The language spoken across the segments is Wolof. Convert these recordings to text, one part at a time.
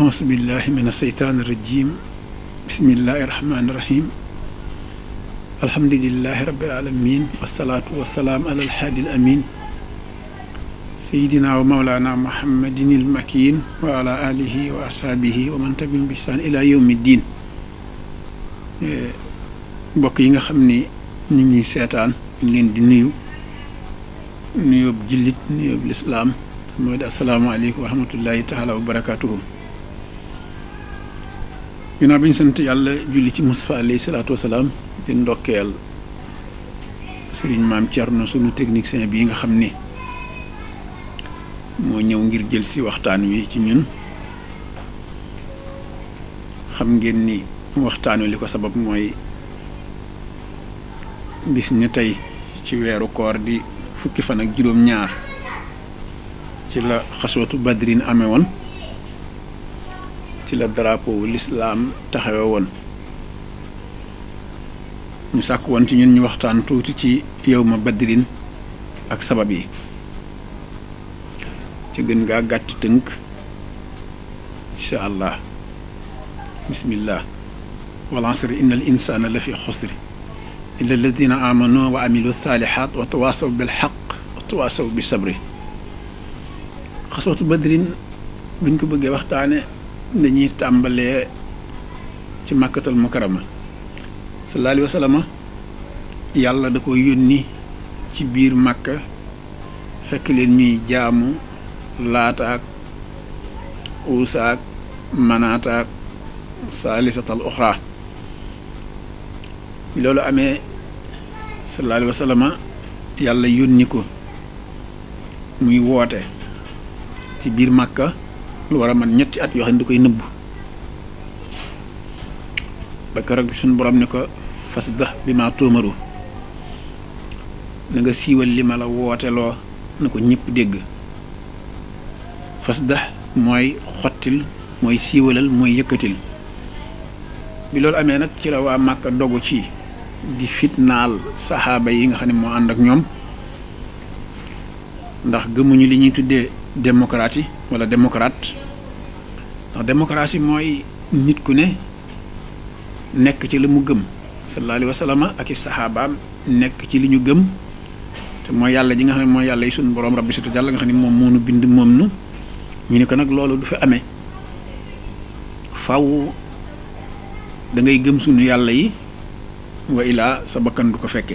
aus billah min alseytaan irrajim bismillahi irrahmani irrahim alhamdulilahi rabilalamin wasalaatu wasalaam ala alhaadi alamin sayidina wa maulana mohammadin ilmakin wa ala wa ashaabihi wa man tabium ila yawmi ddin yi nga xam ne ñu ñuy seetaan ñu leen di nuyu nuyób jullit nuyób lislaam mooy di taala wa barakatuhu ginnaaw bi ñu sant yàlla julli ci Mustafa alayhi salaatu wasalaam di ndokkeel sëriñ maam Thierno sunu technicien bii nga xam ni moo ñëw ngir jël si waxtaan wi ci ñun xam ngeen ni waxtaan wi li ko sabab mooy bis ni tey ci weeru koor di fukki fan ak juróom ñaar ci la xasootu badrin amee ci la drapeau l'islam taxawe woon ñu sàkk woon ci ñun ñu waxtaan tuuti ci yow ma badrin ak sabab yi ci gën ngaa gàtt tënk incha allah bismillah wal asri inna al la fi xusri illa alladina amanu wa amilu saalihat wa tawasaw bi sabri xaswatu badrin buñ ko bëggee waxtaane dañuy tàmbalee ci màkkatal mukarama sallallahu alayhi yàlla da ko yónni ci biir màkka fekk leen ñuy jaamu laataak uusaak manaataak saalisatal uxra loolu amee sallallahu alayhi yàlla yónni ko muy woote ci biir màkka lu war a man ñetti at yoo xam ne di koy nëbb ba keroog bi suñu borom ne ko fas da bi maa tuumaru na nga siiwal li ma la wooteloo na ko ñëpp dégg fas da mooy xottil mooy siiwalal mooy yëkkatil bi loolu amee nag ci la waa Màkka dogu ci di fitnaal saxaaba yi nga xam ne moo ànd ak ñoom ndax gëmuñu li ñuy tuddee démocrates yi wala démocrate ndax démocratie mooy nit ku ne nekk ci la mu gëm sallallahu alayhi wa sallam ak i saxaabaam nekk ci li ñu gëm te moo yàlla ji nga xam ne mooy yàlla yi suñu borom rabbi situ jàll nga xam ne moom moo nu bind moom nu ñu ne ko nag loolu du fi amee faw dangay gëm suñu yàlla yi wa ilaa sa bakkan du ko fekke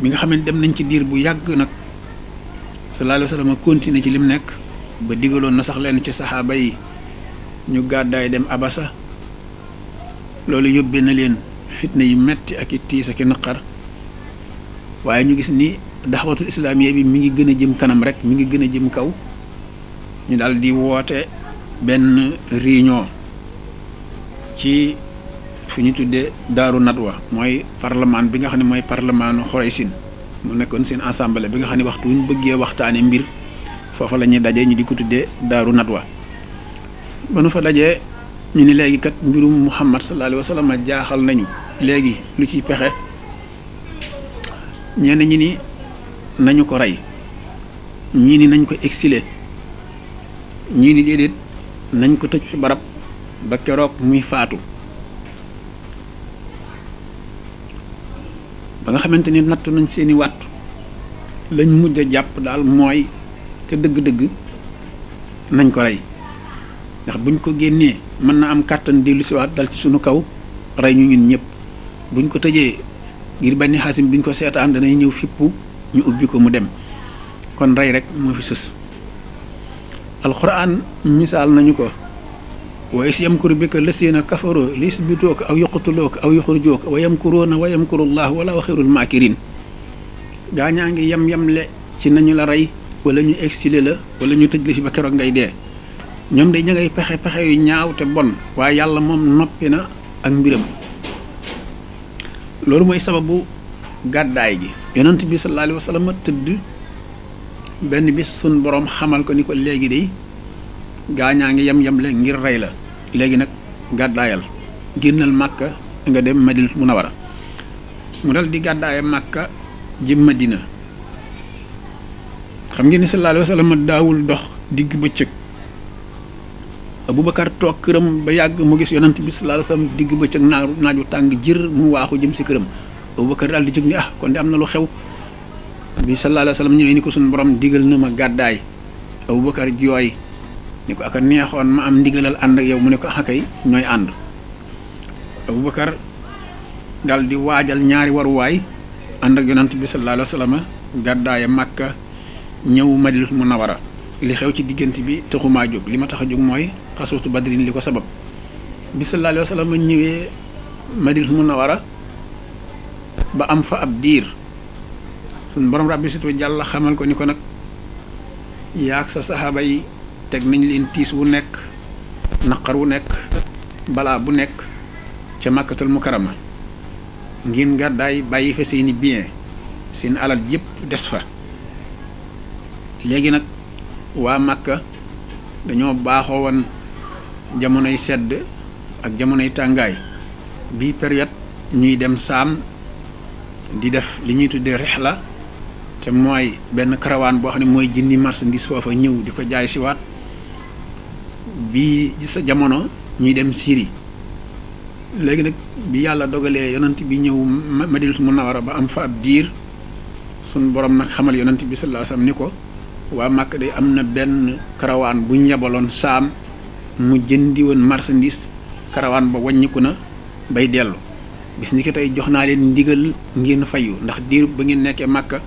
bi nga xam ne dem nañ ci diir bu yàgg nag. sallallahu alayhi wa sallam continué ci lim nekk ba digaloon na sax leen ci saxaaba yi ñu gàddaay dem abasa loolu yóbbee na leen fitna yu metti ak i tiis ak i naqar waaye ñu gis ni islaam islaamiya bi mi ngi gën a jëm kanam rek mi ngi gën a jëm kaw ñu daal di woote benn réunion ci fi ñu tuddee daaru nadwa mooy parlement bi nga xam ne mooy parlemenu xoreysin mu nekkoon seen assemblée bi nga xam ne waxtu wuñ bëggee waxtaane mbir foofa la ñuy dajee ñu di ko tuddee daaru nadwa ba nu fa dajee ñu ni léegi kat mbirum muhammad sallallahu alayhi wa sallam jaaxal nañu léegi lu ciy pexe ñenn ñi ni nañu ko rey ñii ni nañ ko egsile ñii ni déedéet nañ ko tëj ci barab ba keroog muy faatu ba nga xamante ni nattu nañ seeni wattu lañ mujj a jàpp daal mooy te dëgg-dëgg nañ ko rey ndax buñ ko génnee mën na am kàttan dellu siwaat dal ci suñu kaw rey ñu ñun ñëpp buñ ko tëjee ngir benn xaasim duñ ko seetaan danay ñëw fippu ñu ubbi ko mu dem kon rey rek moo fi sës alxuraan misaal nañu ko wa is bi bika lasina kafaru lisbituuka aw yuqtuluuka aw yuxrijuuka wa yamkuruuna wa yamkuru llah walaa wa xayrul maakirin gaa ñaa ngi yem yemle ci nañu la rey wala ñu exilé la wala ñu tëj la fi ba keroog ngay dee ñoom de ña pexe pexe yu ñaaw te bon waaye yàlla moom noppi na ak mbiram loolu mooy sababu gàddaay gi yonent bi sallallahu alayhi wa sallam bis sun boroom xamal ko ni ko léegi de gaañaa ngi yem yemle ngir rey la léegi nag gàddaayal génnal màkka nga dem madina munawara mu dal di gàddaaya màkka jëm madina xam ngeen ni sallallahu alayhi wa sallam daawul dox digg bëccëg Abubakar toog këram ba yàgg mu gis yonent bi sallallahu alayhi wa diggu digg bëccëg naaru naaju tàng jër mu waaxu jëm si këram Abubakar dal di jóg ni ah kon de am na lu xew bi sallallahu alayhi wa sallam ñëwee ni ko suñu borom digal na ma gàddaay Abubakar jooy ni ko ak a neexoon ma am ndigalal ànd ak yow mu ne ko axakay ñooy ànd Aboubacar dal di waajal ñaari waruwaay ànd ak yonant bi sallallahu alayhi wa sallam gàddaaya màkka ñëw madinatul munawara li xew ci diggante bi taxumaa jóg li ma tax a jóg mooy xasuutu badrin li ko sabab bi sallallahu alayhi wa sallam ñëwee madinatul wara ba am fa ab diir sun borom rabbi sit jàlla xamal ko ni ko nag yaag sa saxaaba teg nañ leen tiis wu nekk naqar wu nekk balaa bu nekk ca màkkatal mukarama ngeen gàddaay bàyyi fa seeni bien seen alal yëpp des fa léegi nag waa màkka dañoo baaxoo woon jamonoy sedd ak jamonoy tàngaay bi période ñuy dem saam di def li ñuy tuddee rihla te mooy benn karawaan boo xam ne mooy jëndi marchandise foofa ñëw di ko jaay siwaat bi sa jamono ñuy dem siri léegi nag bi yàlla dogalee yonent bi ñëw ma ma Madinatul Munawwara ba am fa ab diir suñ boroom nag xamal yonent bi sallallahu alayhi wasallam ni ko waa Màkka de am na benn karawaan bu ñu yebaloon saam mu jëndi woon marchandise karawaan ba wàññiku na bay dellu bis ni tey jox naa leen ndigal ngeen fayu ndax diir ba ngeen nekkee Màkka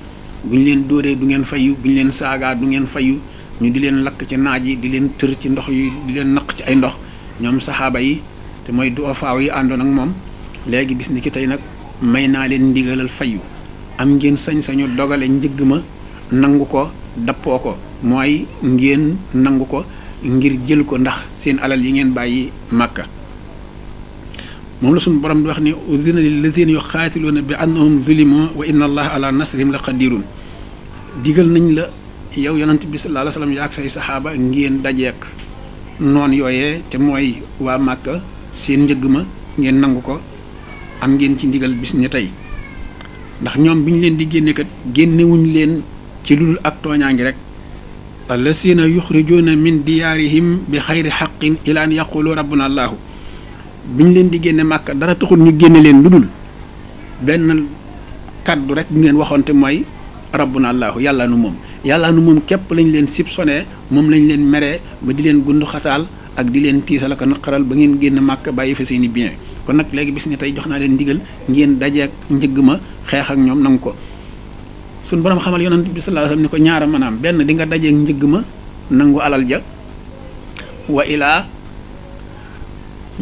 bu ñu leen dóoree du ngeen fayu bu ñu leen saagaa du ngeen fayu ñu di leen lakk ci naaj yi di leen tër ci ndox yi di leen naq ci ay ndox ñoom saxaaba yi te mooy du faaw yi àndoon ak moom léegi bis ni ki tey nag may naa leen ndigalal fayu am ngeen sañ-sañu dogale njëgg ma nangu ko dappoo ko mooy ngeen nangu ko ngir jël ko ndax seen alal yi ngeen bàyyi màkka moom la suñu borom di wax ni udina lilladina yuxaatiluuna bi annahum zulimu wa inna allaha ala nasrihim la qadirun digal nañ la yow yonent bi sallallahu alayhi wa sallam yaa ak say saxaaba ngeen dajeek noon yooyee te mooy waa Màkka seen njëg ma ngeen nangu ko am ngeen ci ndigal bis ni tey ndax ñoom bi ñu leen di génne kat génnewuñu leen ci lu dul ak tooñaangi rek allasina yuxrijuuna min diyaarihim bi xayri xaqin ilaa an yaqulu rabbuna allahu bi ñu leen di génne màkka dara taxul ñu génne leen lu dul benn kàddu rek ngeen waxoonte mooy rabbuna allahu yàlla nu moom yàlla nu moom képp lañ leen sib moom lañ leen meree ba di leen gunduxataal ak di leen tiisal ak naqaral ba ngeen génn màkk bàyyi fa seen i bien kon nag léegi bis ni tey jox naa leen ndigal ngeen dajeek njëgg ma xeex ak ñoom nangu ko suñ borom xamal yonent bi sallallahu alayhi wasallam ni ko ñaara maanaam benn di nga dajeek njëgg ma nangu alal ja wa ilaa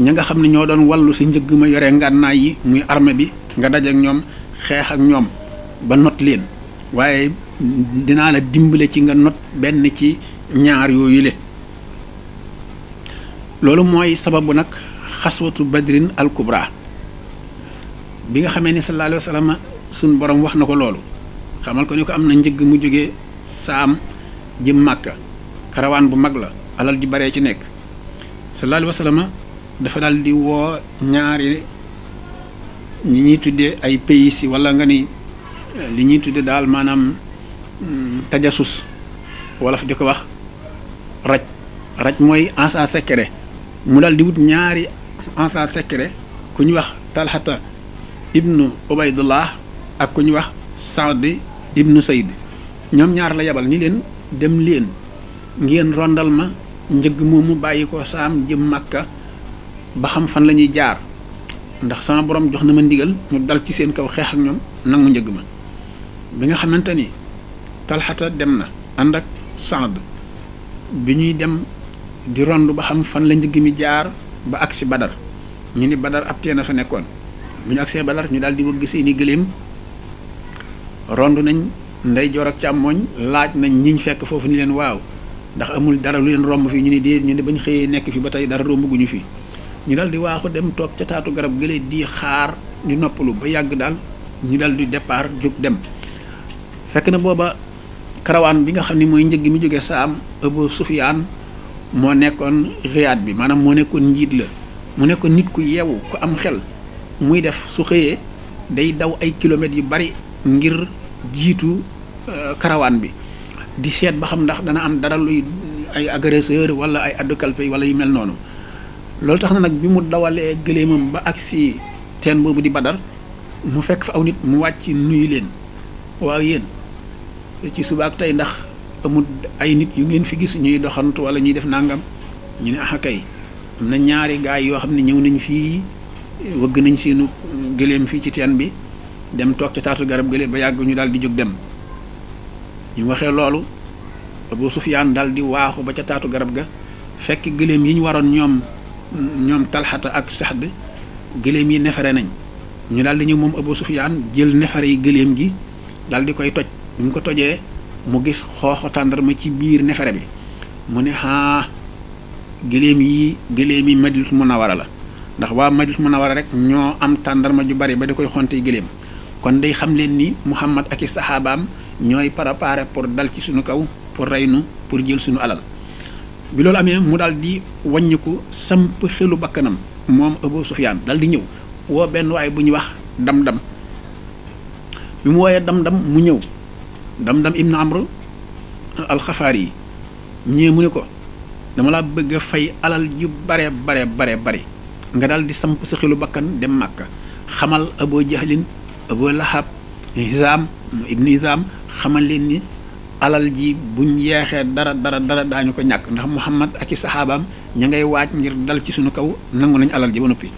ña nga xam ne ñoo doon wallu si njëgg ma yore ngànnaay yi muy armée bi nga daje ak ñoom xeex ak ñoom ba not leen dinaa la dimbale ci nga not benn ci ñaar yooyu le loolu mooy sababu nag xaswatu badrin al bi nga xamee ni sallallahu alayhi wa sallam suñ boroom wax na ko loolu xamal ko ni ko am na njëgg mu jógee saam jëm màkk karawaan bu mag la alal ji baree ci nekk sallallahu alayhi wa dafa dal di woo ñaari ñi ñuy tudde ay pays walla nga ni li ñuy tuddee daal maanaam Mm, tajasus wolof di ko wax raj raj mooy agent secret mu dal di wut ñaari agent secret ku ñu wax talxata ibnu ubaydullah ak ku ñu wax saadi ibnu sayd ñoom ñaar la yabal ni leen dem leen ngeen rondal ma njëg moomu bàyyi ko saam jëm màkka ba xam fan lañuy jaar ndax sama boroom jox na ma ndigal mu dal ci seen kaw xeex ak ñoom nangu njëg ma bi nga xamante ni talxata dem na ànd ak Saad bi ñuy dem di rond ba xam fan la njëgg mi jaar ba agsi Badar ñu ni Badar ab teen a fa nekkoon bu ñu agsee Badar ñu daal di wëgg seeni gëléem rond nañ ndeyjoor ak càmmooñ laaj nañ ñiñ fekk foofu ni leen waaw ndax amul dara lu leen romb fii ñu ni déet ñu ne bañ xëyee nekk fi ba tey dara rombaguñu fii ñu dal di waaxu dem toog ca taatu garab gële di xaar di noppalu ba yàgg daal ñu dal di départ jóg dem fekk na booba karawaan bi nga xam ni mooy njëg mi jóge saam Abu Sufyaan moo nekkoon riyaad bi maanaam moo nekkoon njiit la mu nekkoon nit ku yeewu ku am xel muy def su xëyee day daw ay kilomètres yu bari ngir jiitu euh, karawaan bi di seet ba xam ndax dana am dara luy ay agresseur wala ay addukalpe wala yu mel noonu loolu tax na nag bi mu dawalee gëléemam ba agsi teen boobu di Badar mu fekk fa aw nit mu wàcc nuyu leen waaw yéen ci suba ak tey ndax amul ay nit yu ngeen fi gis ñuy doxantu wala ñuy def nangam ñu ne ah kay am na ñaari gaay yoo xam ne ñëw nañ fii wëgg nañ seenu gëléem fii ci teen bi dem toog ca taatu garab gëléem ba yàgg ñu daal di jóg dem ñu waxee loolu Abu Sufyaan daal di waaxu ba ca taatu garab ga fekk gëléem yi waroon ñoom ñoom talxata ak saxd gëléem yi nefere nañ ñu daal di ñëw moom Abu Sufyaan jël nefere yi gëléem gi daal di koy toj bi mu ko tojee mu gis xooxu tàndarma ci biir nefere bi mu ne ah gëléem yi gëléem yi mën Madinatul Munawara la ndax waa mën Madinatul Munawara rek ñoo am tàndarma ju bare ba di koy xonte gëléem kon day xam leen ni Muhammad ak i saxaabaam ñooy préparé pour dal ci suñu kaw pour rey nu pour jël suñu alal bi loolu amee mu daal di wàññiku samp xelu bakkanam moom Abu Sufyaan dal di ñëw woo benn waay bu ñuy wax dam-dam bi mu wooyee dam mu ñëw dam-dam ibnu amr alxafaar yi ñee mu ne ko dama la bëgg a fay alal ju bare bare bare bare nga daal di samp sa xelu bakkan dem màkk xamal aboo jahlin aboo lahab hisaam hisaam xamal leen ni alal ji bu yeexee dara dara dara daañu ko ñàkk ndax muhammad ak i saxaabaam ñu ngay waaj ngir dal ci suñu kaw nangu nañu alal ji ba noppi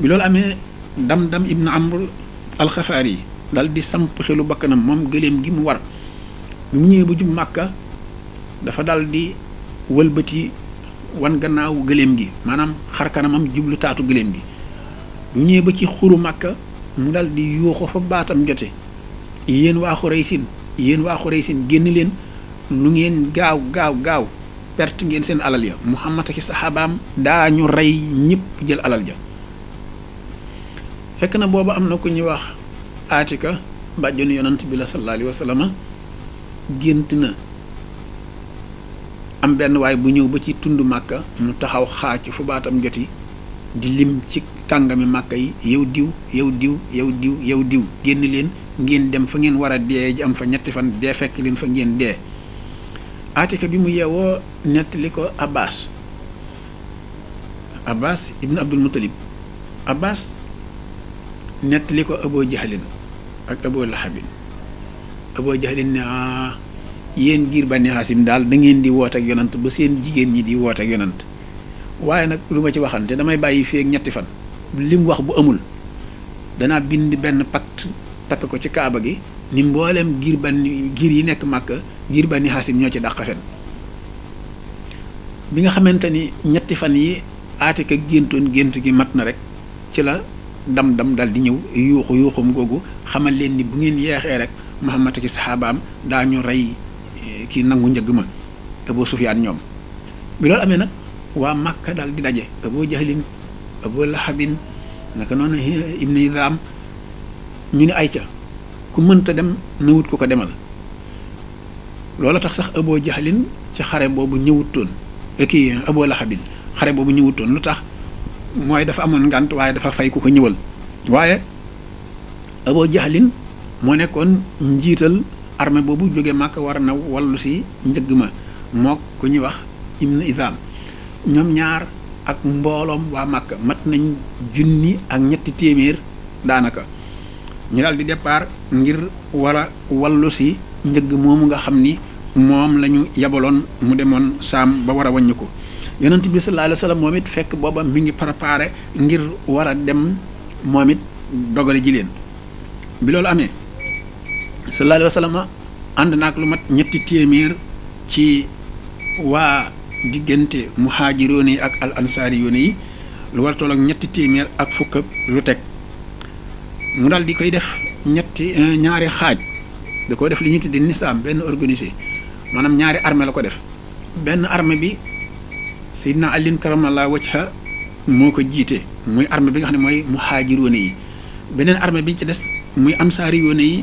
bi loolu amee dam dam ibnu amr alxafaar yi dal di samp xelu bakkanam moom gëléem gi mu war bi mu ñëwee ba jub màkka dafa dal di wëlbati wan gannaaw gëléem gi maanaam xar kanamam jublu taatu gëléem gi bi mu ñëwee ba ci xuru màkka mu dal di yuuxu fa baatam jote yéen waa Xuraysin yéen rey Xuraysin génn leen lu ngeen gaaw gaaw gaaw perte ngeen seen alal ya Muhammad ak saxaabaam daa ñu rey ñépp jël alal ja fekk na booba am na ku ñuy wax aatika mbàjjonu yonant bi la sallallahu alayhi gént na am benn waay bu ñëw ba ci tund màkka mu taxaw xaacu fu baatam joti di lim ci tàngami màkka yi yow diw yow diw yow diw yow diw génn leen ngeen dem fa ngeen war a dee ji am fa ñetti fan dee fekk leen fa ngeen dee aatika bi mu yeewoo nettali ko abbas abbas ibnu abdul muttalib abbas nettali ko aboo jahlin ak Abu Lahabin Abu Jahlin ne ah yéen giir Bani Haasim daal da ngeen di woote ak yonant ba seen jigéen ñi di woote ak yonant waaye nag lu ma ci waxante damay bàyyi fii ak ñetti fan li wax bu amul danaa bind benn pacte takk ko ci kaaba gi ni mbooleem giir Bani giir yi nekk Màkka giir Bani Haasim ñoo ci dàq fen bi nga xamante ni ñetti fan yi Aatika géntoon gént gi mat na rek ci la dam dam dal di ñëw yuuxu yuuxum googu xamal leen ni bu ngeen yeexee rek Muhammad ak saxaabaam ñu rey eh, kii nangu njëgg ma Abu Sufyaan ñoom bi loolu amee nag waa Màkka daal di daje Abu Jahlin Abu Lahabin naka noonu eh, Ibn Hizaam ñu ne ay ca ku dem na wut ko demal loola tax sax Abu Jahlin ci xare boobu ñëwutoon eh, kii Abu Lahabin xare boobu ñëwutoon lu tax mooy dafa amoon ngànt waaye dafa fay ku ko ñëwal waaye Abu Jahlin moo nekkoon njiital armée boobu jóge Màkka war a na wallu si njëgg ma mook ku ñuy wax Ibn Izam ñoom ñaar ak mbooloom waa Màkka mat nañ junni ak ñetti téeméer daanaka ñu daal di départ ngir wara a wallu si njëgg moomu nga xam ni moom la ñu yabaloon mu demoon saam ba war a wàññi ko yonent bi sallallahu alayhi wa sallam moom it fekk booba mi ngi préparé ngir war a dem moom it dogale ji leen bi loolu amee sallallahu alayhi wa sallam ànd lu mat ñetti téeméer ci waa diggante mu muhaajiroon yi ak al ansaari yi lu war ak ñetti téeméer ak fukk ak lu teg mu daal di koy def ñetti eh, ñaari xaaj da koo def li ñuy tuddi nisaam benn organisé maanaam ñaari armée la ko def benn armée bi na Seydina Alin karamallahu wajha moo ko jiite muy armée bi nga xam ne mooy muhaajiroon yi beneen armée bi ci des muy ansaari yoone yi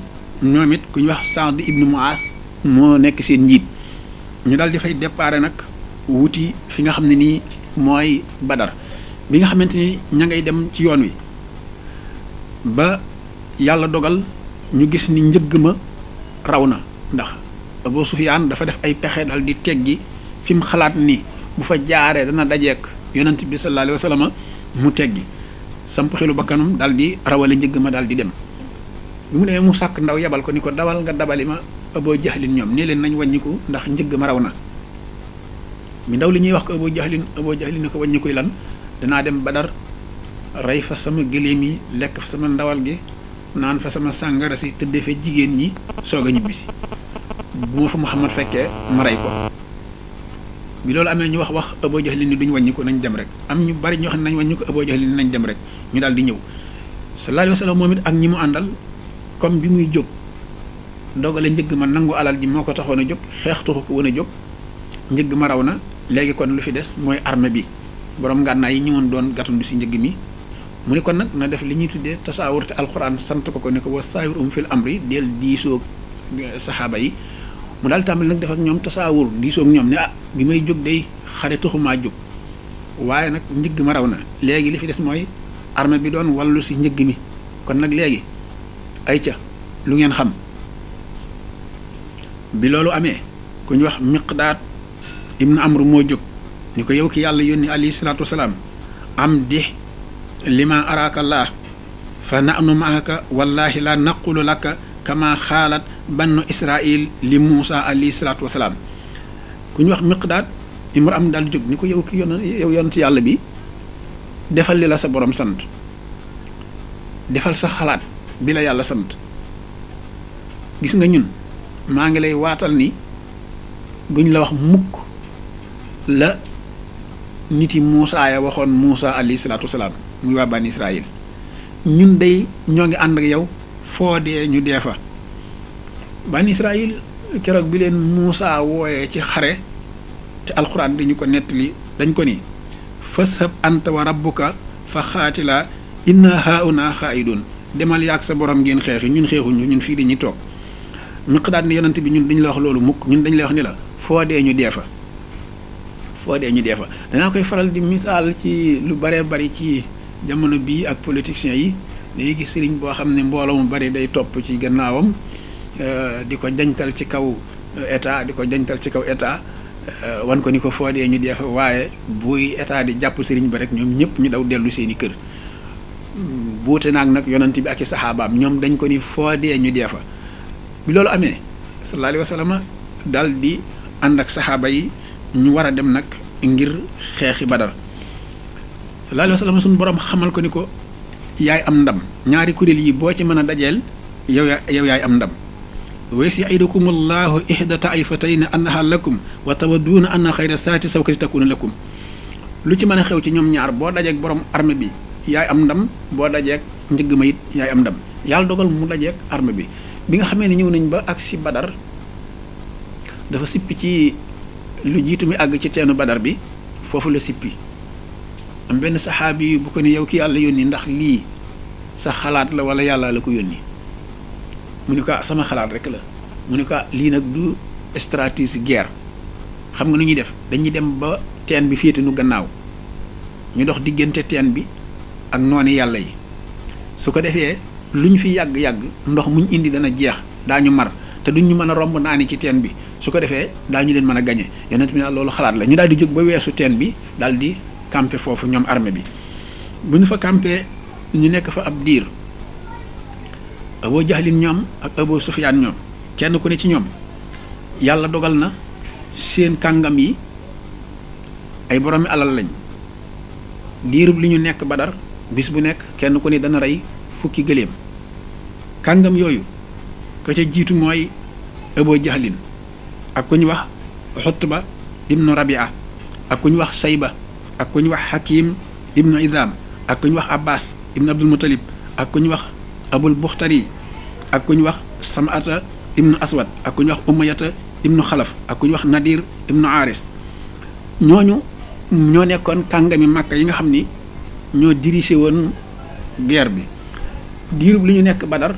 ñoom it ku ñu wax Saad ibnu Muaas moo nekk seen njiit ñu daal di fay déparé nag wuti fi nga xam ne nii mooy Badar bi nga xamante ni ña ngay dem ci yoon wi ba yàlla dogal ñu gis ni njëgg ma raw na ndax boo Sufyaan dafa def ay pexe dal di teggi fi mu xalaat ni bu fa jaaree dana dajeek yonent bi sallallahu alayhi wa mu teggi samp xelu bakkanam dal di rawale njëgg ma dal di dem bi mu demee mu sàkk ndaw yebal ko ni ko dawal nga dabali ma Abu Jahlin ñoom nee leen nañ wàññiku ndax njëgg ma raw na mi ndaw li ñuy wax ko Abu Jahlin Abu Jahlin ne ko wàññikuy lan danaa dem Badar rey fa sama gëléem yi lekk sama ndawal gi naan fa sama sàngara si tëddee fa jigéen ñi soog a ñibbisi bu ma fa Muhammad fekkee ma rey ko bi loolu amee ñu wax wax Abu Jahlin ni duñ wàññiku nañ dem rek am ñu bari ñu wax ne nañ wàññiku Abu Jahlin nañ dem rek ñu daal di ñëw sallallahu alayhi wa sallam moom it ak ñi mu àndal comme bi muy jóg dogale njëgg ma nangu alal ji moo ko taxoon a jóg xeex taxu ko woon a jóg njëgg ma raw na léegi kon lu fi des mooy armée bi borom ngànnaay yi ñëwoon doon gàttandu si njëgg mi mu ne kon nag def li ñuy tuddee tasaawur te alxuraan sant ko ko ne ko wa saawir um fil amri del diisoo eh, saxaaba mu daal tàmbali nag def ak ñoom tasaawur diisoo ak ñoom ne ah bi may jóg day xare taxu maa jóg waaye nag njëgg ma na léegi li fi des mooy armée bi doon wallu si njëg mi kon nag léegi ay ca lu ngeen xam bi loolu amee ku ñu wax miqdaat ibnu amru moo jóg ñu ko yow ki yàlla yónni alayhi salaatu wasalaam am di lima arakallah fa nahnu maaka wallahi la naqulu laka kama xaalat bannu israil li muusa alayhi ku ñu wax miqdaat ibnu amru daal jóg ñu ko yow ki yoon yow yoon ci yàlla bi defal li la sa boroom sant defal sa xalaat bi la yàlla sant gis nga ñun maa ngi lay waatal ni duñ la wax mukk la nit yi Muusaa waxoon Muusaa alayhi salaatu wasalaam muy waa bani Israayil ñun day ñoo ngi ànd ak yow foo dee ñu dee fa bani Israayil keroog bi leen Muusaa wooyee ci xare te alxuraan dañu ko nettali dañ ko ni fashab anta wa rabbuka fa xaatilaa inna haahunaa xaa'idun demal yaag sa borom ngeen xeex yi ñun xeexuñu ñun fii dañuy toog miqdaad ni yonent bi ñun dañu la wax loolu mukk ñun dañu la wax ni la foo dee ñu dee fa foo ñu dee danaa koy faral di misaal ci lu baree bari ci jamono bii ak politiciens yi dañuy gis sëriñ boo xam ne mbooloo mu bari day topp ci gannaawam euh, di ko jañtal ci kaw état di ko jañtal ci kaw état euh, wan ko ni ko foo dee ñu dee waaye buy état di jàpp sëriñ ba rek ñoom ñëpp ñu daw dellu seeni kër buute naag nag yonent bi ak i saxaabaam ñoom dañ ko ni foo dee ñu dee fa bi loolu amee sallallahu alayhi wa dal di ànd ak saxaaba yi ñu war a dem nag ngir xeexi badar sallallahu alayhi wa sallam suñu borom xamal ko ni ko yaay am ndam ñaari kuréel yi boo ci mën a dajeel yow yaa yow yaay am ndam waysi idakum allahu ihda taifatayn annaha lakum wa na anna xayra saati sawkati takuna lakum lu ci mën a xew ci ñoom ñaar boo dajeek borom armée bi yaay am ndam boo dajeek njëgg ma it yaay am ndam yàlla dogal mu dajeek arme bi bi nga xamee ne ñëw nañ ba si badar dafa sippi ci lu jiitu mi àgg ci teenu badar bi foofu la sippi am benn saxaabi bu ko ne yow ki yàlla yónni ndax lii sa xalaat la wala yàlla la ko yónni mu ne ko ah, sama xalaat rek la mu ne ko ah, lii nag du stratégie guerre xam nga nu ñuy def dañuy dem ba teen bi féete nu gannaaw ñu dox diggante teen bi ak nooni yàlla yi su ko defee lu ñu fi yàgg-yàgg ndox muñ indi dana jeex daañu mar te duñ ñu mën a romb naani ci teen bi su ko defee daañu leen mën a gañe yonent bi naa loolu xalaat la ñu daal di jóg ba weesu teen bi daal kàmpe foofu ñoom armée bi bu ñu fa camper ñu nekk fa ab diir Abu Jahlin ñoom ak Abu Sufyaan ñoom kenn ku ne ci ñoom yàlla dogal na seen kàngam yi ay boroomi alal lañ diirub li ñu nekk Badar bis bu nekk kenn ku ne dana rey fukki gëléem kàngam yooyu ka ca jiitu mooy Abu Jahlin ak ku ñu wax Xutba ibnu Rabia ak ku ñu wax Sayba ak ku ñu wax Hakim ibnu Idam ak ku ñu wax Abbas ibnu Abdul Muttalib ak ku ñu wax Abul Buxtari ak ku ñu wax Samata ibnu Aswad ak ku ñu wax Umayata ibnu Xalaf ak ku ñu wax Nadir ibnu Aris ñooñu ñoo nekkoon kàngami Màkka yi nga xam ni ñoo dirigé woon guerre bi diirub li ñu nekk Badar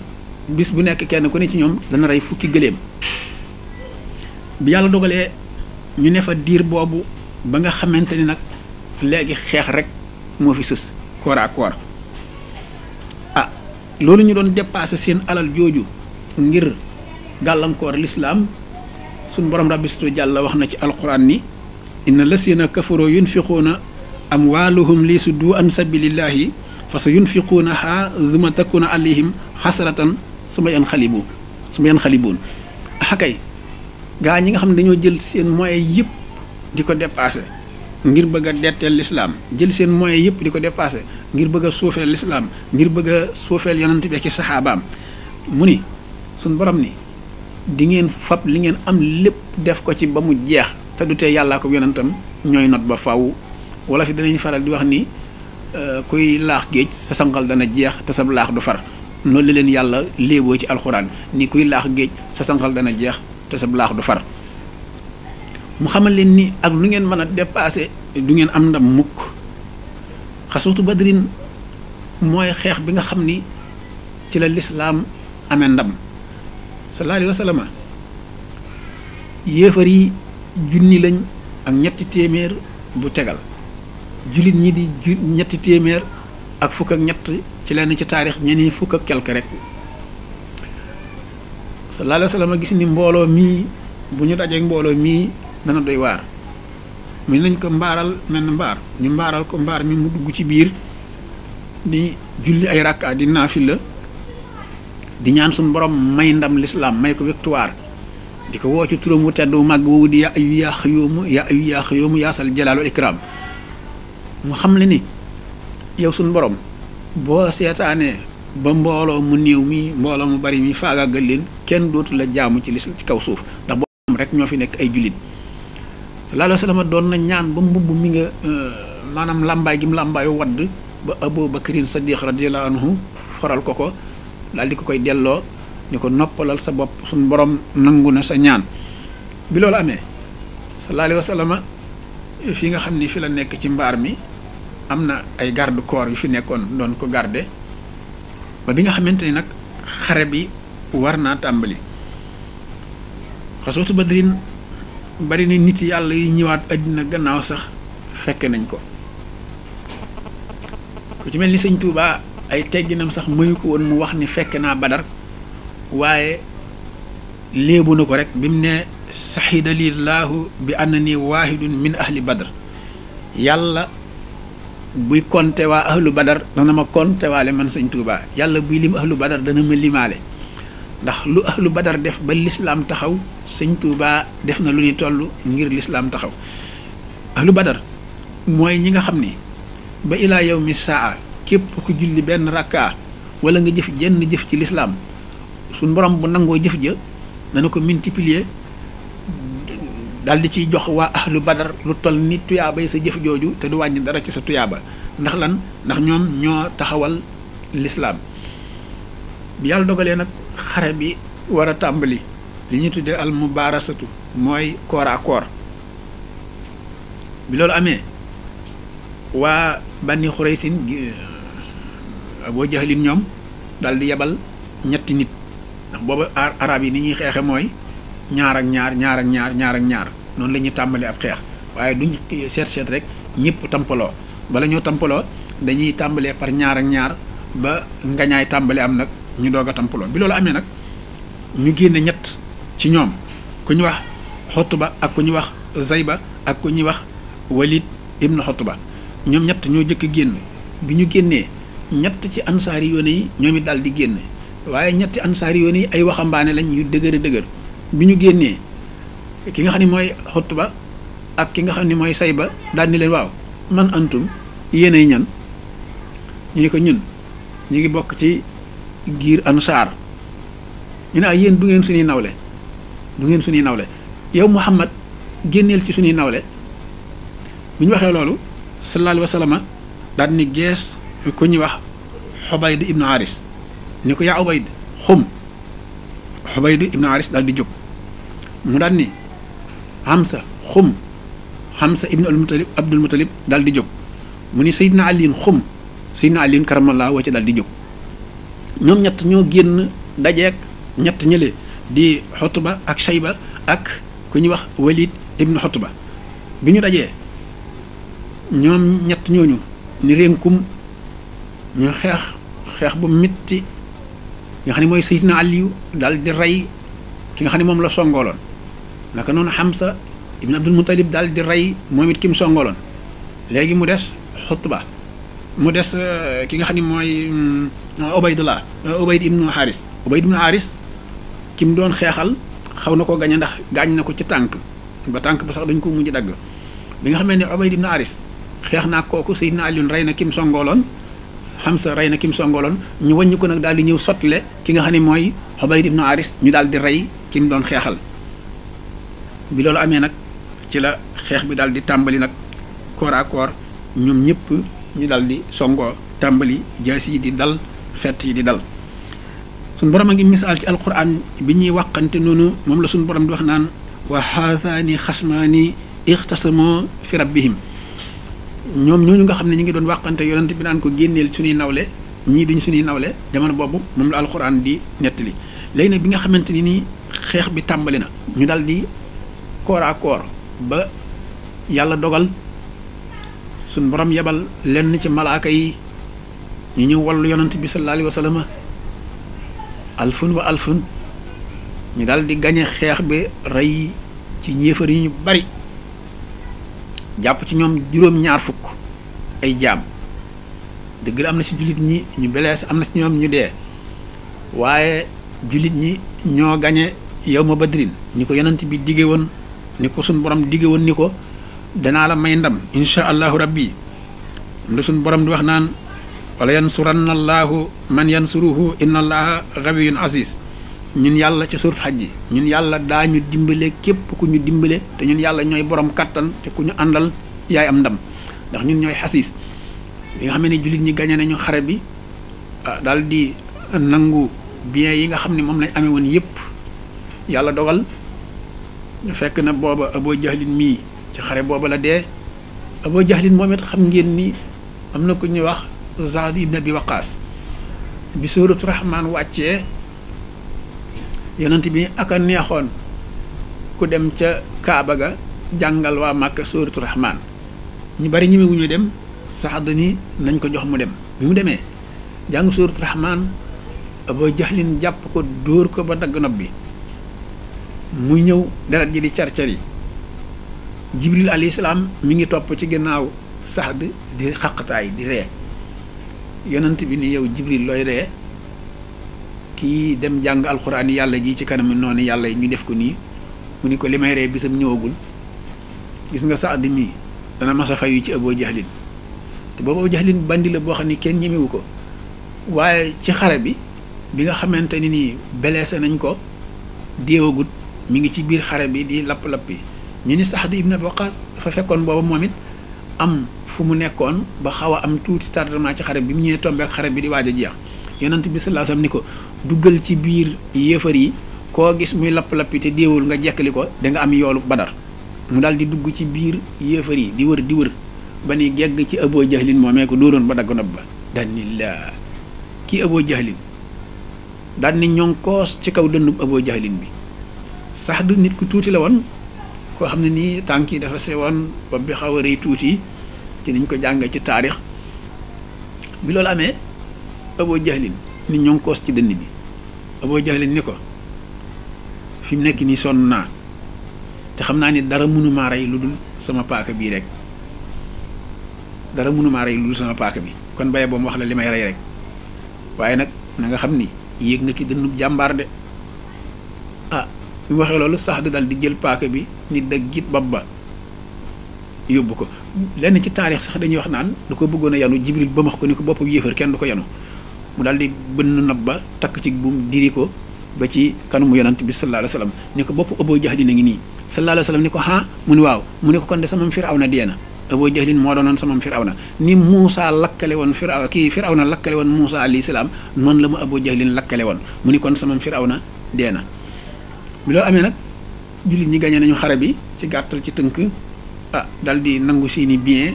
bis bu nekk kenn ku ne ci ñoom dana rey fukki gëléem bi yàlla dogalee ñu ne fa diir boobu ba nga xamante ni nag léegi xeex rek moo fi sës koor ak koor ah loolu ñu doon dépassé seen alal jooju ngir gàllankoor lislaam suñ borom rabbistu jàlla wax na ci alquran ni inna lasina kafaroo yunfiquuna amwaaluhum li suddu an sabilillahi fa sa yunfiquunaha zuma takuna alayhim xasratan suma yan xalibu suma yan xalibuun axakay gaa ñi nga xam ne dañoo jël seen moyens yëpp di ko dépassé ngir bëgg a lislaam jël seen moyens yëpp di ko dépassé ngir bëgg suufeel lislaam ngir bëgg a suufeel yonent bi ak saxaabaam mu ni suñ borom ni dingeen fab li ngeen am lépp def ko ci ba mu jeex te du tee yàllaa ko yonentam ñooy not ba faw wala fi danañ faral di wax ni euh, kuy laax géej sa sanqal dana jeex te sa laax du far noonu la leen yàlla léeboo ci alxuraan ni kuy laax géej sa sanqal dana jeex te sa laax du far mu xamal leen ni ak lu ngeen mën a dépassé du ngeen am ndam mukk xasuutu badrin mooy xeex bi nga xam ni ci la lislaam amee ndam sallallahu alayhi wa sallam yéefar yi junni lañ ak ñetti téeméer bu tegal jullit ñi di ju ñetti téeméer ak fukk ak ñett ci lenn ci taarix ñeneen fukk ak quelque rek sa alayhi wa sallam a gis ni mbooloo mii bu ñu dajeek mbooloo mii dana doy waar mu nañ ko mbaaral menn mbaar ñu mbaaral ko mbaar mi mu dugg ci biir di julli ay rakka di naafila di ñaan suñu borom may ndam lislaam may ko victoire di ko woo ci turam wu tedd wu màgg woowu di yaa ayu yaa xayoomu yaa yu yaa xayoomu yaa sal jalaal ikraam mu xam le ni yow suñ borom boo seetaanee ba mbooloo mu néew mi mbooloo mu bari mi faagaagal leen kenn dootu la jaamu ci li ci kaw suuf ndax boo rek ñoo fi nekk ay jullit sallallahu alayhi wa doon na ñaan ba mbubb mi nga euh, maanaam làmbaay gi mu làmbaayu wadd ba Abu Bakrin Sadiq radiyallahu anhu faral ko ko daal di ko koy delloo ni ko noppalal sa bopp suñ borom nangu na sa ñaan bi loolu amee sallallahu alayhi wa sallam fi nga xam ni fi la nekk ci mbaar mi am na ay garde corps yu fi nekkoon doon ko garde ba bi nga xamante ni nag xare bi war naa tàmbali xasootu badrin bari na nit yàlla yi ñëwaat àddina gannaaw sax fekke nañ ko ku ci mel ni sëñ Touba ay tegginam sax mayu ko woon mu wax ni fekke naa badar waaye léebu na ko rek bi mu ne saxidalilaahu bi na ni waahidun min ahli badar yàlla buy konte waa ahlu badar dana ma konte waale man sëñ Tuubaa yàlla buy lim ahlu badar dana ma limaale ndax lu ahlu badar def ba lislaam taxaw sëñ Tuubaa def na lu ni toll ngir lislaam taxaw ahlu badar mooy ñi nga xam ni ba ilaa yow mi saa képp ku julli benn rakkaa wala nga jëf jenn jëf ci lislaam su borom bu nangoo jëf ja dana ko multiplier daal di ciy jox waa ahlu badar lu toll ni tuyaaba yi sa jëf jooju te du wàññi dara ci sa tuyaaba ndax lan ndax ñoom ñoo taxawal lislaam bi yàlla dogalee nag xare bi war a tàmbali li ñuy tuddee al mubaarasatu mooy corps bi loolu amee waa bànni xuraysin euh, boo jaxlin ñoom daal di yebal ñetti nit ndax booba arab yi ni ñuy xeexe mooy ñaar ak ñaar ñaar ak ñaar ñaar ak ñaar noonu la ñuy tàmbali ab xeex waaye du duñ seet seet rek ñëpp tampaloo bala ñoo tampaloo dañuy tàmbalee par ñaar ak ñaar ba ngañaay tàmbali am nag ñu doog a tampaloo bi loolu amee nag ñu génne ñett ci ñoom ku ñu wax ba ak ku ñu wax zayba ak ku ñuy wax walid ibn ba ñoom ñett ñoo jëkk génn bi ñu génnee ñett ci ansaari yoone yi ñoom it daal di génn waaye ñetti ansaari yoon yi ay waxambaane lañ dëgër dëgër bi ñu génnee ki nga xam ni mooy xutba ak ki nga xam ni mooy say ba daal ni leen waaw man antum yéenay ñan ñu ni ko ñun ñu ngi bokk ci giir ansaar ñu ne ah yéen du ngeen suñuy nawle du ngeen suñuy nawle yow Muhammad génneel ci suñuy nawle bu ñu waxee loolu sallallahu alayhi wa sallam daal ni gees ku ñuy wax Xubayd ibnu Aris ni ko yaa Ubayd xum Xubayd ibnu Aris daal di jóg mu daan ni Hamza xum Hamza ibnu al Mutalib Abdul Mutalib daal di jóg mu ni Seydina Aliin xum Seydina Aliin karamallaa wacce daal di jóg ñoom ñett ñoo génn dajeek ñett ñële di xotba ak shayba ak ku ñuy wax walid ibnu xotba bi ñu dajee ñoom ñett ñooñu ni rénkum ñu xeex xeex bu metti nga xam ne mooy Seydina Aliyu daal di rey ki nga xam ne moom la songooloon naka noonu Hamza ibn Abdul Muttalib daal di rey moom it ki songoloon léegi mu des Xutba mu des euh, ki nga xam ne mooy mm, euh, Ubaydullah euh, Ubayd ibnu Haris Ubayd ibnu Haris ki mu doon xeexal xaw na ko gañe ndax gaañ na ko ci tànk ba tànk ba sax dañ ko mujj dagg bi nga xamee ne xeex naa kooku Seydina Alioune rey na ki mu songoloon Hamza rey na ki songoloon ñu wàññi ko nag daal di ñëw sotle ki nga xam ne mooy Ubayd ibnu Haris ñu daal di rey ki mu doon xeexal bi loolu amee nag ci la xeex bi daal di tàmbali nag corps à corps ñoom ñëpp ñu daal di songoo tàmbali jaas yi di dal fett yi di dal suñ borom a ngi misaal ci alquran bi ñuy waqante noonu moom la suñu borom di wax naan wa haadaani xasmaani ixtasamoo fi rabbihim ñoom ñooñu nga xam ne ñu ngi doon waqante yonante bi naan ko génneel suñuy nawle ñii duñ suñuy nawle jamono boobu moom la alquran di nettali léegi nag bi nga xamante ni nii xeex bi tàmbali na ñu daal di corps à ba yàlla dogal suñ boroom yebal lenn ci malaaka yi ñu ñëw wallu yonent bi sallallahu alayhi alfun wa alfun ñu daldi di gañe xeex bi rey ci ñéefar yi ñu bari jàpp ci ñoom juróom-ñaar fukk ay jaam dëgg am na ci jullit ñi ñu belees am na ci ñoom ñu dee waaye jullit ñi ñoo gañe yow ma badrin ñu ko yonent bi digge woon ni ko suñ borom digge woon ni ko danaa la may ndam insha allahu rabbi lu suñ borom di wax naan wala yansuranna allahu man yansuruhu inna allaha xawiyun aziz ñun yàlla ca surat xaj ji ñun yàlla daañu dimbale képp ku ñu dimbale te ñun yàlla ñooy borom kàttan te ku ñu àndal yaay am ndam ndax ñun ñooy xasiis li nga xam ne jullit ñi gañe nañu xare bi ah, daal di nangu bien yi nga xam ne moom lañ amee woon yépp yàlla dogal ñu fekk na booba Abu Jahlin mii ci xare booba la dee Abu Jahlin moom xam ngeen ni am na ku ñuy wax Saad ibn Abi Waqaas bi suuratu Rahmaan wàcce yonent bi ak a neexoon ku dem ca Kaaba ga jàngal waa Màkka suuratu Rahmaan ñu bari ñi mu ñu dem Saad ni nañ ko jox mu dem bi mu demee jàng suuratu Rahmaan Abu Jahlin jàpp ko dóor ko ba dagg nopp bi mu ñëw deret ji di car-car yi jibril alayhi salaam mi ngi topp ci ginnaaw saxd di xaqtaay di ree yonent bi ni yow jibril looy ree kii dem jàng alxuraan yàlla ji ci kanam noonu yàlla yi ñu def ko nii mu ni ko li may ree bisam ñëwagul gis nga saxd mii dana masa fayu ci aboo jahlin te boobu aboo bandi la boo xam ni kenn ñemewu ko waaye ci xare bi bi nga xamante ni nii blessé nañ ko déewagut mi ngi ci biir xare bi di lapp-lapp bi ñu ni Saad ibn na Waqaas dafa fekkoon booba moom it am fu mu nekkoon ba xaw a am tuuti tardement ci xare bi mu ñëwee tombeek xare bi di waaj a jeex yonent bi sallallahu alayhi wasallam ni ko duggal ci biir yéefar yi koo gis muy lapp-lappi te déewul nga jekkali ko danga am yoolu badar mu daal di dugg ci biir yéefar yi di wër di wër ba nu gegg ci Abu Jahlin moomee ko dóoroon ba dagg nopp ba daan laa kii Abu Jahlin daan ni ci kaw dënnub Abu Jahlin bi sax du nit ku tuuti la woon koo xam ne nii tànk yi dafa sewoon bopp bi xaw a rëy tuuti ci niñ ko jàngee ci taarix bi loolu amee Abu Jahlin ni ñonkoos ci dënn bi Abu Jahlin ni ko fi mu nekk nii sonn naa te xam naa ni dara mënumaa rey lu dul sama paaka bii rek dara mënumaa rey lu dul sama paaka bi kon baye boo mu wax la li may rey rek waaye nag na nga xam ni yéeg na ki dënnub jàmbaar de bi mu waxee loolu sax da dal di jël paaka bi ni dagg jit bab ba yóbbu ko lenn ci taarix sax dañuy wax naan da ko bëggoon a yanu jibril ba max ko ni ko bopp yéefar kenn du ko yanu mu daal di bënn nab ba takk ci buum diri ko ba ci kanamu yonant bi sallallahu alayhi wasallam ni ko bopp Abu Jahlin a ngi nii sallallahu alayhi wasallam ni ko ah mu ni waaw mu ne ko kon de samam Firawna dee na Abu Jahlin moo doonoon samam na ni Muusa lakkale woon Firaw kii na lakkale woon Muusa alayhi salaam noonu la mu Abu Jahlin lakkale woon mu ni kon samam Firawna dee na bi loolu amee nag jullit ñi gañe nañu xare bi ci gàttal ci tënk ah dal di nangu seeni bien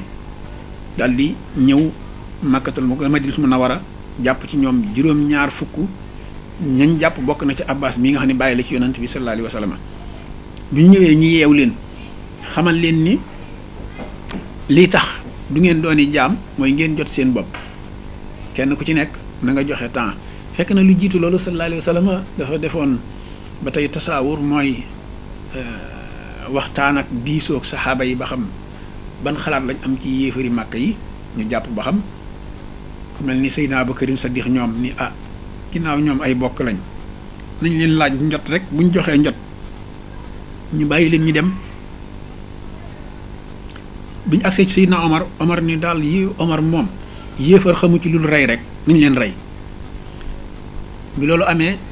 dal di ñëw makkatal mu ko Madinatul Munawwara jàpp ci ñoom juróom-ñaar fukk ñañ jàpp bokk na ci Abbas mii nga xam ne bàyyi la ci yonant bi sallallahu alayhi wa sallam ñu ñëwee ñu yeew leen xamal leen ni lii tax du ngeen dooni jaam mooy ngeen jot seen bopp kenn ku ci nekk na nga joxe temps fekk na lu jiitu loolu sallallahu alayhi wa sallam dafa defoon ba tey tasaawur mooy euh, waxtaan ak diisoog saxaaba yi ba xam ban xalaat lañ am ci yéefari màkk yi ñu jàpp ba xam ku mel ni ba Seydina sa Sadiq ñoom ni ah ginnaaw ñoom ay bokk lañ nañ leen laaj njot rek buñ joxee njot ñu bàyyi leen ñu dem biñ agsee ci Seydina Omar Omar ni daal yi Omar moom yéefar xamu ci lul rey rek nañ leen rey bi loolu amee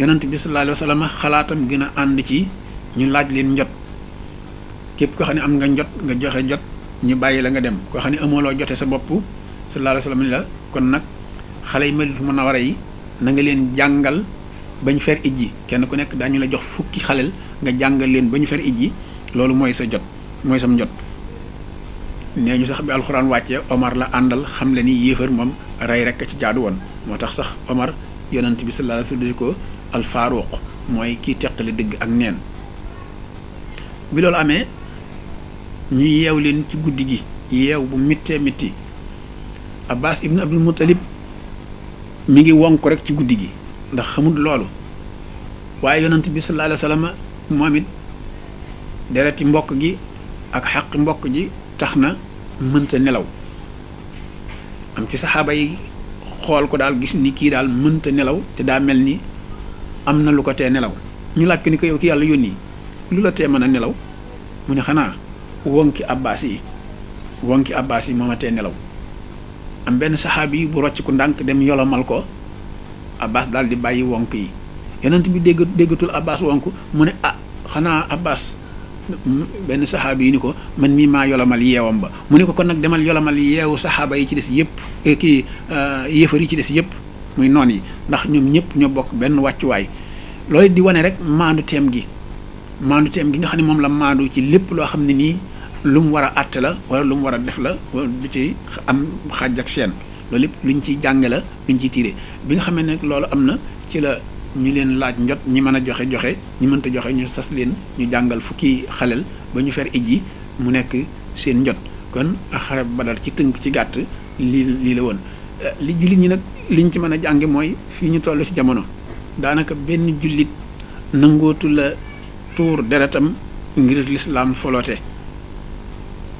yonent bi sallallahu alayhi wa sallam xalaatam gën a ànd ci ñu laaj leen njot képp koo xam ne am nga njot nga joxe jot ñu bàyyi la nga dem koo xam ne amoo loo jote sa bopp sallallahu alayhi wa sallam ni la kon nag xale yi Madinatul Munawwara yi na nga leen jàngal bañ fer ijji kenn ku nekk daañu la jox fukki xalel nga jàngal leen ba ñu fer ijji loolu mooy sa jot mooy sam njot nee ñu sax bi alxuraan wàccee Omar la àndal xam le ni yéefar moom rey rek ci jaadu woon moo tax sax Omar yonent bi sallallahu alayhi ko alfaaruq mooy kiy teqale dëgg ak neen bi loolu amee ñu yeew leen ci guddi gi yeew bu mittee mitti abbas ibn abdul muttalib mi ngi wonk rek ci guddi gi ndax xamut loolu waaye yonent bi sallallahu alayhi moom it dereti mbokk gi ak xaqi mbokk ji tax na mënta nelaw am ci saxaaba yi xool ko daal gis ni kii daal mënta nelaw te daa mel ni am na lu ko te nelaw ñu laaj ko ni ko yow ki yàlla yónni lu la te mën a nelaw mu ne xanaa wonki abbaas yi wonki abbaas yi moom ma tee nelaw am benn saxaabi yi bu rocc ku ndànk dem yolomal ko abbas daal di bàyyi wonk yi yonent bi dégg déggatul abbas wonk mu ne ah xanaa abbas benn saxaab yi ni ko man mii maa yolomal yeewam ba mu ne ko kon nag demal yolomal yeewu saxaaba yi ci des yëpp eh, kii eh, yéefar yi ci des yëpp muy noon yi ndax ñoom ñëpp ñoo bokk benn wàccuwaay loolu di wane rek maandu teem gi maandu teem gi nga xam ne moom la maandu ci lépp loo xam ne nii lu mu war a àtte la wala lu mu war a def la wala ci am xaaj ak seen loolu lépp luñ ciy jànge la luñ ciy tiire bi nga xamee ne loolu am na ci la ñu leen laaj njot ñi mën a joxe joxe ñi mënta joxe ñu sas leen ñu jàngal fukki xalel ba ñu fer ijji mu nekk seen njot kon a xare badar ci tënk ci gàtt lii lii la woon Eh, li jullit ñi nag liñ ci mën a jànge mooy fii ñu toll ci jamono daanaka benn jullit nangootu la tuur deretam ngir lislaam foloote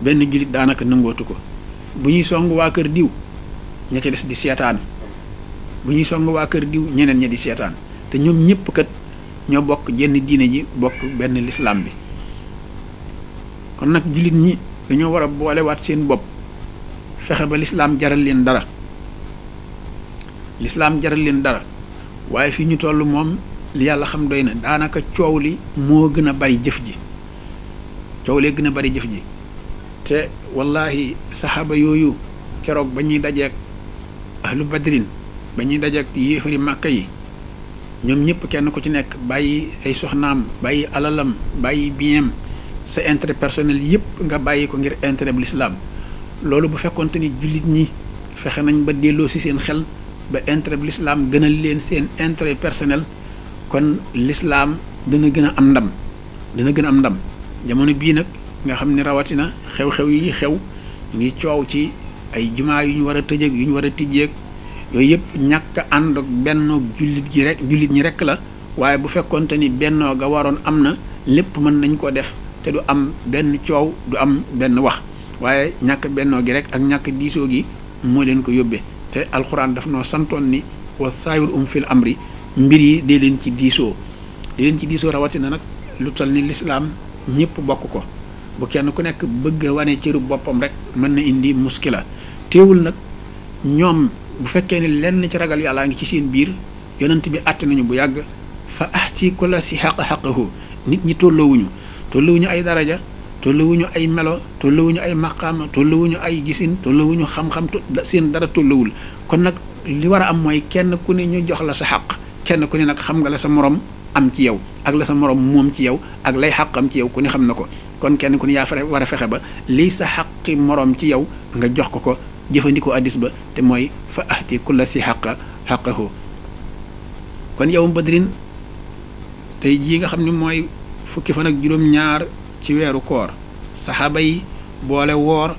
benn jullit daanaka nangootu ko bu ñuy song waa kër diw ña ca des di seetaan bu ñuy song waa kër diw ñeneen ña di seetaan te ñoom ñëpp kat ñoo bokk jenn diine ji bokk benn lislaam bi kon nag jullit ñi dañoo war a boolewaat seen bopp fexe ba lislaam jaral leen dara lislaam jaral leen dara waaye fii ñu toll moom li yàlla xam doy na daanaka coow li moo gën a bari jëf ji coow lee gën a bari jëf ji te wallahi saxaaba yooyu keroog ba ñuy dajeek ahlu badrin ba ñuy dajeek yéefari màkka yi ñoom ñëpp kenn ku ci nekk bàyyi ay soxnaam bàyyi alalam bàyyi bien sa intérêt personnel yëpp nga bàyyi ko ngir intérêt lislaam loolu bu fekkonte ni jullit ñi fexe nañ ba delloo ci seen xel ba intérêt bi l'islam gënal leen seen intérêt personnel kon lislaam dana gën a am ndam dana gën a am ndam jamono bii nag nga xam ne rawatina xew-xew yi xew ngi coow ci ay jumaa yu ñu war a tëjeeg yu ñu war a tijjeeg yooyu yëpp ñàkk a ànd ak jullit gi rek jullit ñi rek la waaye bu fekkoonte ni bennoo a waroon am na lépp mën nañ ko def te du am benn coow du am benn wax waaye ñàkk bennoo gi rek ak ñàkk diisoo gi moo leen ko yóbbee te alxuraan daf noo santoon ni wa saawir um fil amri mbir yi dee leen ci diisoo dee leen ci diisoo rawatina nag lu tal ni lislaam ñëpp bokk ko bu kenn ku nekk bëgg a wane cëru boppam rek mën na indi muskila teewul nag ñoom bu fekkee ni lenn ci ragal yàllaa ngi ci seen biir yonent bi àtt nañu bu yàgg fa ahti kula si xaq ko nit ñi tolloowuñu tolloowuñu ay daraja tolluwuñu ay melo tolluwuñu ay maqaama tolluwuñu ay gisin tolluwuñu xam-xam seen dara tolluwul kon nag li war a am mooy kenn ku ne ñu jox la sa xaq kenn ku ne nag xam nga la sa morom am ci yow ak la sa morom moom ci yow ak lay xaqam ci yow ku ne xam na ko kon kenn ku yaa fexe war a fexe ba lii sa xaqi morom ci yow nga jox ko ko jëfandikoo addis ba te mooy fa ahti kulla si xaqa xaqahu kon yow Badrin jii nga xam ne mooy fukki fan ak juróom-ñaar. ci weeru koor saxaaba yi boole woor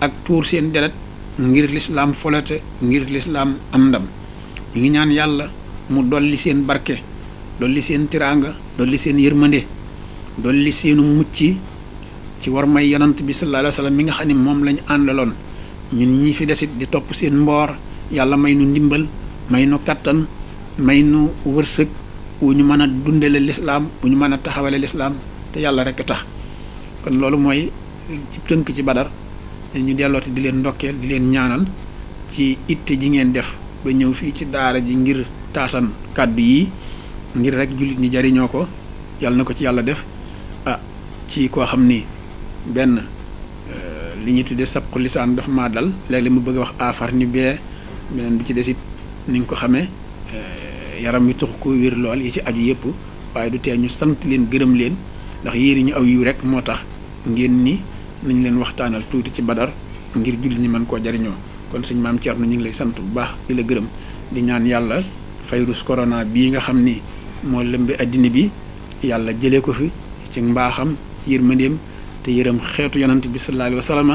ak tuur seen deret ngir lislaam folete ngir lislaam am ndam ñu ngi ñaan yàlla mu dolli seen barke dolli seen tiraanga dolli seen yërmande dolli seenu mucc ci war may yonant bi sallallahu alayhi wa sallam mi nga xam ni moom lañu àndaloon ñun ñi fi desit di topp seen mboor yàlla may nu ndimbal may nu kattan may nu wërsëg wu ñu mën a dundale lislaam wu ñu mën a taxawale lislaam te yàlla rekk tax loolu mooy ci tënk ci badar ñu dellooti di leen ndokkeel di leen ñaanal ci itte ji ngeen def ba ñëw fii ci daara ji ngir taasan kàddu yi ngir rek jullit ñi jariñoo ko yàlla na ko ci yàlla def ah ci koo xam ni benn euh, li ñuy tuddee sabqu lisaan daf maa dal léeg-léeg mu bëgg a wax aafar ni bee beneen bi ci des it ni nga ko xamee euh, yaram wi tax ko wér lool yi ci aju yëpp waaye du tee ñu sant leen gërëm leen ndax yéeri ñu aw yiw rek moo tax ngeen ni nañ leen waxtaanal tuuti ci badar ngir jullit ñi man koo jariñoo kon suñ maam Thierno ñu ngi lay sant bu baax di la gërëm di naan yàlla virus corona bii nga xam ni moo lëmbi addina bi yàlla jëlee ko fi ci mbaaxam ci yërmandeem te yërëm xeetu yonant bi sallallahu alayhi wa sallam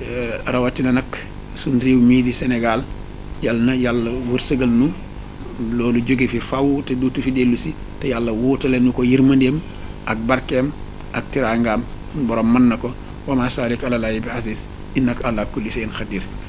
eh, rawatina nag suñ réew mii di Sénégal yàlla na yàlla wërsëgal nu loolu jóge fi faw te dootu fi dellusi te yàlla wóotale nu ko yërmandeem ak barkeem ak tiraangaam suñu borom mën na ko wa maa zaalika alallaahi bi aziiz innaka alaa kulli shay'in qadiir